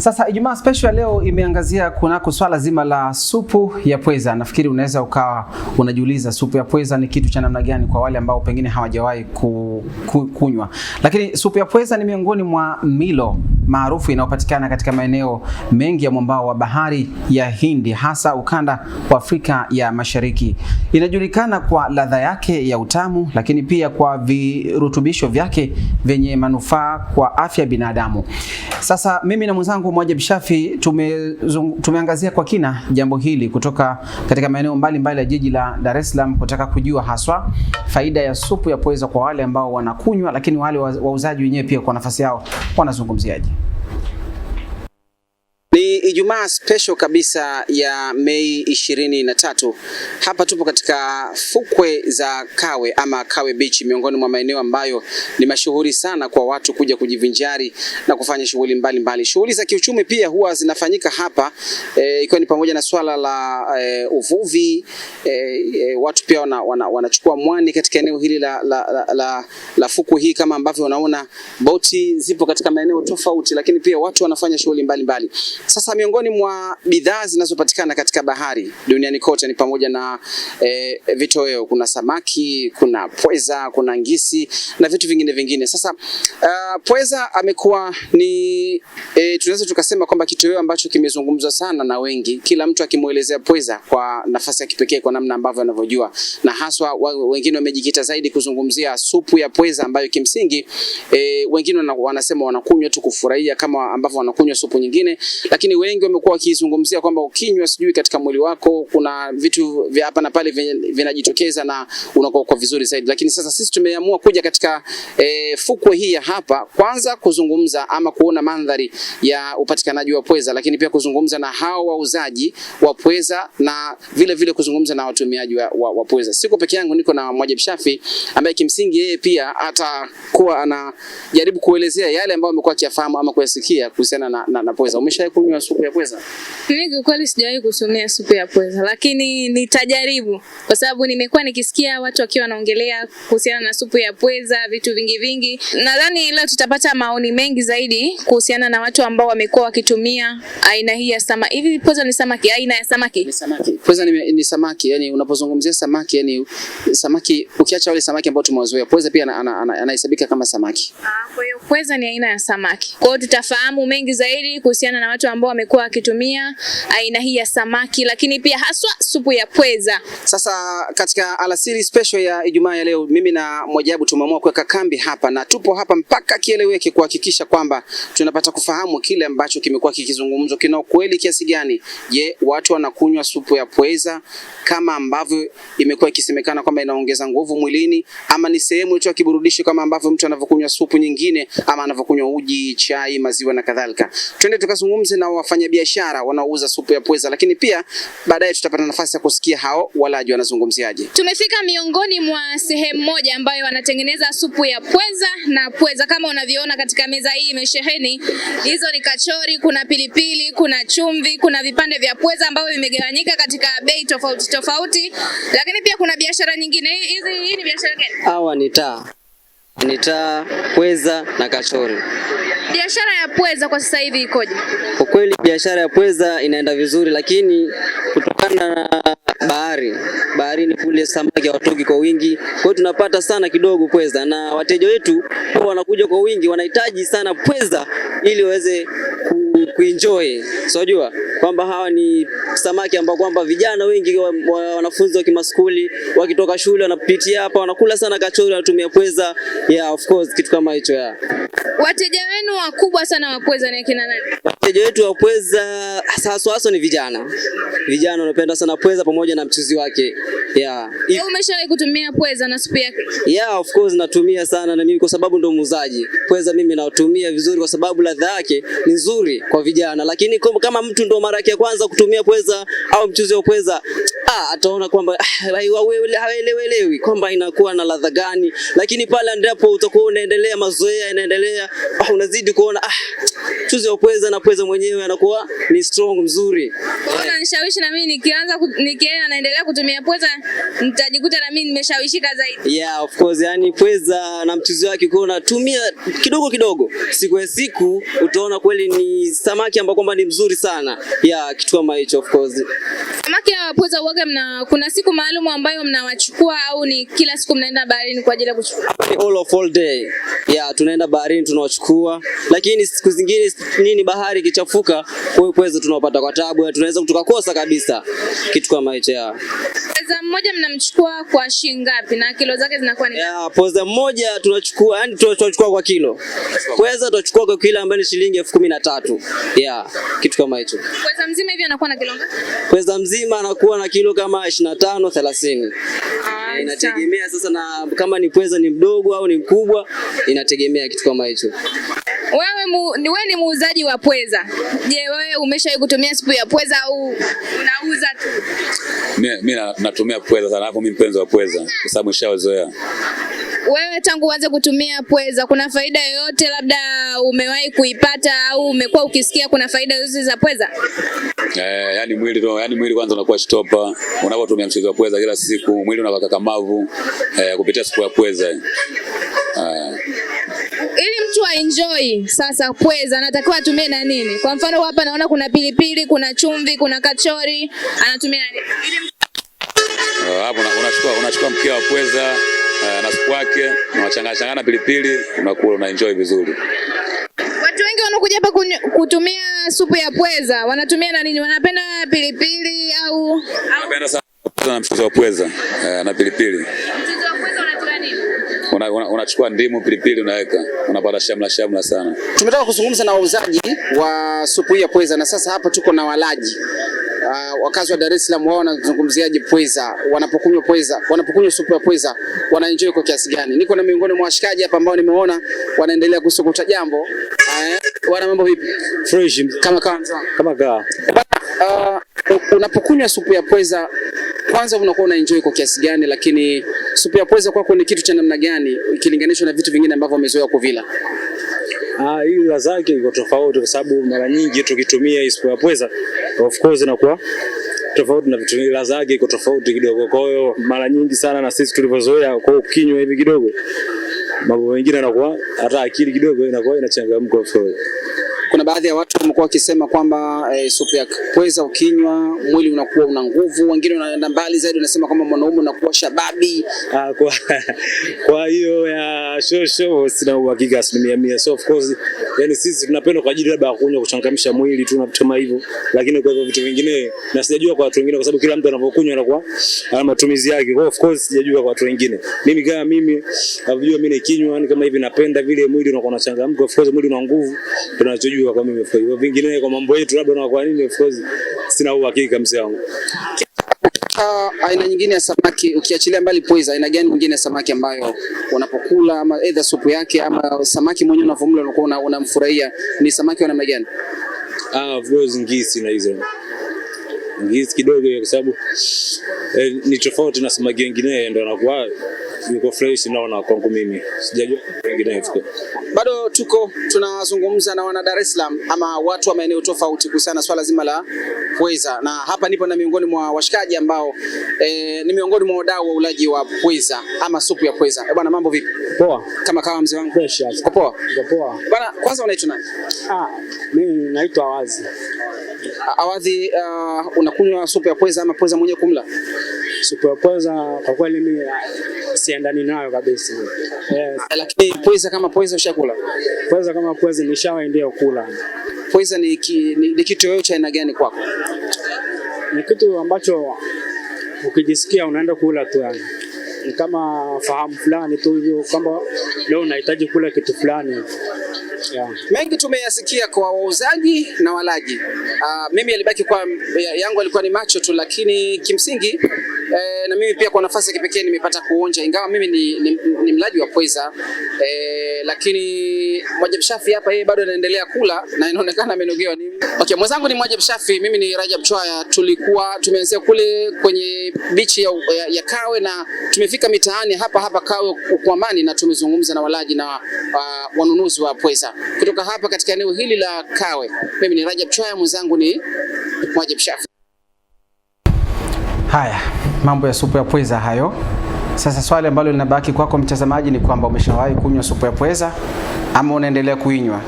Sasa Ijumaa special ya leo imeangazia kunako swala zima la supu ya pweza. Nafikiri unaweza ukawa unajiuliza supu ya pweza ni kitu cha namna gani kwa wale ambao pengine hawajawahi ku, ku, kunywa. Lakini supu ya pweza ni miongoni mwa milo maarufu inayopatikana katika maeneo mengi ya mwambao wa bahari ya Hindi hasa ukanda wa Afrika ya Mashariki. Inajulikana kwa ladha yake ya utamu, lakini pia kwa virutubisho vyake vyenye manufaa kwa afya ya binadamu. Sasa mimi na mwenzangu Mwajab Shafi tume, tumeangazia kwa kina jambo hili kutoka katika maeneo mbalimbali ya jiji la Dar es Salaam kutaka kujua haswa faida ya supu ya pweza kwa wale ambao wanakunywa, lakini wale wauzaji wenyewe pia kwa nafasi yao wanazungumziaje? Ijumaa special kabisa ya Mei ishirini na tatu. Hapa tupo katika fukwe za Kawe ama Kawe Beach, miongoni mwa maeneo ambayo ni mashuhuri sana kwa watu kuja kujivinjari na kufanya shughuli mbalimbali. Shughuli za kiuchumi pia huwa zinafanyika hapa e, ikiwa ni pamoja na swala la e, uvuvi e, e, watu pia wanachukua wana, wanachukua mwani katika eneo hili la, la, la, la, la fukwe hii, kama ambavyo unaona boti zipo katika maeneo tofauti, lakini pia watu wanafanya shughuli mbalimbali sasa miongoni mwa bidhaa zinazopatikana katika bahari duniani kote ni pamoja na e, vitoweo. Kuna samaki, kuna pweza, kuna ngisi na vitu vingine vingine. Sasa uh, pweza amekuwa ni e, tunaweza tukasema kwamba kitoweo ambacho kimezungumzwa sana na wengi, kila mtu akimwelezea pweza kwa nafasi ya kipekee, kwa namna ambavyo anavyojua, na haswa wengine wamejikita zaidi kuzungumzia supu ya pweza ambayo kimsingi e, wengine wanasema wanakunywa tu kufurahia kama ambavyo wanakunywa supu nyingine, lakini we wengi wamekuwa wakizungumzia kwamba ukinywa sijui katika mwili wako kuna vitu vya hapa na pale vinajitokeza na unakuwa kwa vizuri zaidi, lakini sasa sisi tumeamua kuja katika e, fukwe hii ya hapa kwanza kuzungumza ama kuona mandhari ya upatikanaji wa pweza, lakini pia kuzungumza na hao wauzaji wa pweza na vile vile kuzungumza na watumiaji wa, wa, wa pweza. Siko peke yangu, niko na Mwajib Shafi ambaye kimsingi yeye pia atakuwa anajaribu kuelezea yale ambayo amekuwa akiyafahamu ama kuyasikia kuhusiana na, na, na pweza. Umeshawahi kunywa supu ya pweza? Mimi kwa kweli sijawahi kusomea supu ya pweza, lakini nitajaribu kwa sababu nimekuwa nikisikia watu wakiwa wanaongelea kuhusiana na supu ya pweza, vitu vingi vingi. Nadhani leo tutapata maoni mengi zaidi kuhusiana na watu ambao wamekuwa wakitumia aina hii ya samaki. Hivi pweza ni samaki, aina ya samaki? Ni samaki. Pweza ni, ni samaki, yani unapozungumzia samaki, yani samaki ukiacha wale samaki ambao tumewazoea, pweza pia anahesabika kama samaki. Ah, kwa hiyo pweza ni aina ya samaki. Kwa hiyo tutafahamu mengi zaidi kuhusiana na watu ambao wame amekuwa akitumia aina hii ya samaki, lakini pia haswa supu ya pweza. Sasa katika alasiri special ya Ijumaa ya leo, mimi na Mwajabu tumeamua kuweka kambi hapa na tupo hapa mpaka kieleweke, kuhakikisha kwamba tunapata kufahamu kile ambacho kimekuwa kikizungumzwa kina ukweli kiasi gani. Je, watu wanakunywa supu ya pweza kama ambavyo imekuwa ikisemekana kwamba inaongeza nguvu mwilini, ama ni sehemu tu ya kiburudishi kama ambavyo mtu anavyokunywa supu nyingine ama anavyokunywa uji, chai, maziwa na kadhalika? Twende tukazungumze na wafanya wafanyabiashara wanaouza supu ya pweza, lakini pia baadaye tutapata nafasi ya kusikia hao walaji wanazungumziaje. Tumefika miongoni mwa sehemu moja ambayo wanatengeneza supu ya pweza na pweza, kama unavyoona katika meza hii imesheheni, hizo ni kachori, kuna pilipili, kuna chumvi, kuna vipande vya pweza ambavyo vimegawanyika katika bei tofauti tofauti, lakini pia kuna biashara nyingine. Hizi hii ni biashara gani? Hawa ni taa ni taa, pweza na kachori. Biashara ya pweza kwa sasa hivi ikoje? Kwa kweli biashara ya pweza inaenda vizuri, lakini kutokana na bahari, baharini kule samaki hawatoki kwa wingi, kwa hiyo tunapata sana kidogo pweza, na wateja wetu wanakuja kwa wingi, wanahitaji sana pweza ili waweze kuenjoy unajua so, kwamba hawa ni samaki ambao kwamba vijana wengi wanafunzi wa kimaskuli wakitoka shule wanapitia hapa wanakula sana kachori, wanatumia pweza yeah, of course kitu kama hicho yeah. Wateja wenu wakubwa sana wa pweza ni kina nani? wateja wetu wa pweza hasa hasa ni vijana. Vijana wanapenda sana pweza pamoja na mchuzi wake. Yeah. If... Umeshawahi kutumia pweza na supu yake? Yeah, of course natumia sana na mimi kwa sababu ndo muuzaji. Pweza mimi natumia vizuri kwa sababu ladha yake ni nzuri kwa vijana. Lakini kama mtu ndo mara yake ya kwanza kutumia pweza au mchuzi wa pweza Ah, ataona kwamba haelewelewi ah, kwamba inakuwa na ladha gani, lakini pale ndipo utakuwa unaendelea mazoea, inaendelea ah, unazidi kuona ah, chuzi wa pweza na pweza mwenyewe anakuwa ni strong mzuri. Unanishawishi na mimi nikianza nikienda naendelea kutumia pweza nitajikuta na mimi nimeshawishika zaidi. Yeah, of course, yani pweza na mchuzi wake ukiwa unatumia kidogo kidogo, siku ya siku utaona kweli ni samaki ambao kwamba ni mzuri sana. Yeah, kitu kama hicho of course samaki pweza mna kuna siku maalum ambayo mnawachukua au ni kila siku mnaenda baharini kwa ajili ya kuchukua? Hapa ni all of all day. Yeah, tunaenda baharini tunawachukua, lakini siku zingine nini, bahari ikichafuka, pweza tunawapata kwa tabu, tunaweza tukakosa kabisa kitu kama hicho. Poza mmoja mnamchukua kwa shilingi ngapi na kilo zake zinakuwa ni? Yeah, poza mmoja tunachukua yani tunachukua kwa kilo. Pweza tunachukua kwa kilo ambayo ni shilingi elfu kumi na tatu. Yeah, kitu kama hicho. Pweza mzima hivi anakuwa na kilo ngapi? Pweza mzima anakuwa na kilo kama 25 30. Ah, inategemea sasa na kama ni pweza ni mdogo au ni mkubwa inategemea kitu kama hicho. Wewe mu, wewe ni muuzaji wa pweza. Je, wewe umeshawahi kutumia supu ya pweza au unauza tu? mimi natumia pweza sana, alafu mimi mpenzi wa pweza kwa sababu nishawazoea. Wewe tangu uanze kutumia pweza, kuna faida yoyote labda umewahi kuipata au umekuwa ukisikia kuna faida yoyote za pweza? Eh, yani mwili tu, yani mwili kwanza unakuwa shtopa unapotumia mchezo wa pweza kila siku, mwili unakuwa eh, kupitia siku ya pweza eh ili mtu aenjoy sasa pweza anatakiwa atumie na nini? Kwa mfano hapa naona kuna pilipili, kuna chumvi, kuna kachori, anatumia nini? Hapo unachukua unachukua mkia wa pweza eh, na supu yake unachanganya changanya pilipili, unakula una enjoy vizuri. Watu wengi wanakuja hapa kutumia supu ya pweza wanatumia na nini? Wanapenda pilipili au, au... wanapenda sana na mchuzi wa pweza eh, na pilipili unachukua una ndimu, pilipili unaweka, unapata shamla shamla sana. tumetaka kuzungumza na wauzaji wa supu hii ya pweza na sasa hapa tuko na walaji Uh, wakazi wa Dar es Salaam wao wanazungumziaje pweza, wanapokunywa pweza, wanapokunywa supu ya pweza wanaenjoy kwa kiasi gani? Niko na miongoni mwa washikaji hapa ambao nimeona wanaendelea kusukuta jambo. Uh, wana mambo vipi? Fresh kama kama kama. Uh, ah, unapokunywa supu ya pweza kwanza unakuwa una enjoy kwa kiasi gani, lakini supu ya pweza kwako ni kitu cha namna gani ikilinganishwa na vitu vingine ambavyo umezoea kuvila? Ah, hii ladha yake iko tofauti kwa sababu mara nyingi tukitumia hii supu ya pweza of course inakuwa tofauti na vitu vingine, ladha yake iko tofauti kidogo. Kwa hiyo mara nyingi sana na sisi tulivyozoea, kwa ukinywa hivi kidogo mambo mengine yanakuwa hata akili kidogo inakuwa inachangamka of course. Kuna baadhi ya watu wamekuwa wakisema kwamba e, supu ya pweza ukinywa mwili unakuwa una nguvu, wengine wanaenda mbali zaidi wanasema kwamba mwanaume unakuwa shababi. Ah, kwa, kwa hiyo ya show show sina uhakika asilimia mia. So of course, yani sisi tunapenda kwa ajili labda ya kunywa kuchangamsha mwili tu na vitu kama hivyo, lakini kwa hivyo vitu vingine na sijajua kwa watu wengine, kwa sababu kila mtu anapokunywa anakuwa ana matumizi yake. Kwa of course sijajua kwa watu wengine, mimi kama mimi najua mimi nikinywa kama hivi napenda vile, mwili unakuwa unachangamka, of course mwili una nguvu tunachojua kujua kwa mimi hivyo, vingine kwa mambo yetu labda na kwa nini, of course sina uhakika mzee wangu. aina nyingine ya samaki ukiachilia mbali pweza, aina gani nyingine ya samaki ambayo unapokula ama either supu yake ama samaki mwenyewe unavomla unakuwa unamfurahia ni samaki wa namna gani? Ah, of course ngisi na hizo ngisi kidogo, kwa sababu eh, ni tofauti na samaki wengine ndio anakuwa niko fresh naona kwangu mimi sijajua wengine hivyo. Bado tuko tunazungumza na wana Dar es Salaam ama watu wa maeneo tofauti kuhusiana swala zima la pweza, na hapa nipo na miongoni mwa washikaji ambao e, ni miongoni mwa wadau wa ulaji wa pweza ama supu ya pweza. Eh, bwana mambo vipi? Poa. Kama kawa mzee wangu. Fresh. Uko poa? Uko poa. Bwana kwanza unaitwa nani? Ah, mimi naitwa Awazi. Awazi, uh, unakunywa supu ya pweza ama pweza mwenyewe kumla? siku ya kwanza kwa kweli mimi ah, siendani nayo kabisa. Yes. Eh, lakini pweza kama pweza ushakula? Pweza kama pweza nishawahi ndio kula. Pweza ni, ki, ni, ni kitoweo cha aina gani kwako? Ni kitu ambacho ukijisikia unaenda kula tu yani. Ni kama fahamu fulani tu hivyo kwamba leo unahitaji kula kitu fulani. Yeah. Mengi tumeyasikia kwa wauzaji na walaji. Uh, mimi alibaki kwa yangu alikuwa ni macho tu, lakini kimsingi e, na mimi pia kwa nafasi ya kipekee nimepata kuonja, ingawa mimi ni, ni, ni mlaji wa pweza e, lakini Mwajab Shafi hapa yeye bado anaendelea kula na inaonekana amenogewa. Okay, mwenzangu ni Mwajab Shafi, mimi ni Rajab Chwaya. Tulikuwa tumeanzia kule kwenye bichi ya, ya, ya Kawe na tumefika mitaani hapa hapa Kawe amani, na tumezungumza na walaji na uh, wanunuzi wa pweza kutoka hapa katika eneo hili la Kawe. Mimi ni Rajab Chwaya, mwenzangu ni Mwajab Shafi. Haya, mambo ya supu ya pweza hayo. Sasa swali ambalo linabaki kwako mtazamaji ni kwamba umeshawahi kunywa supu ya pweza ama unaendelea kuinywa?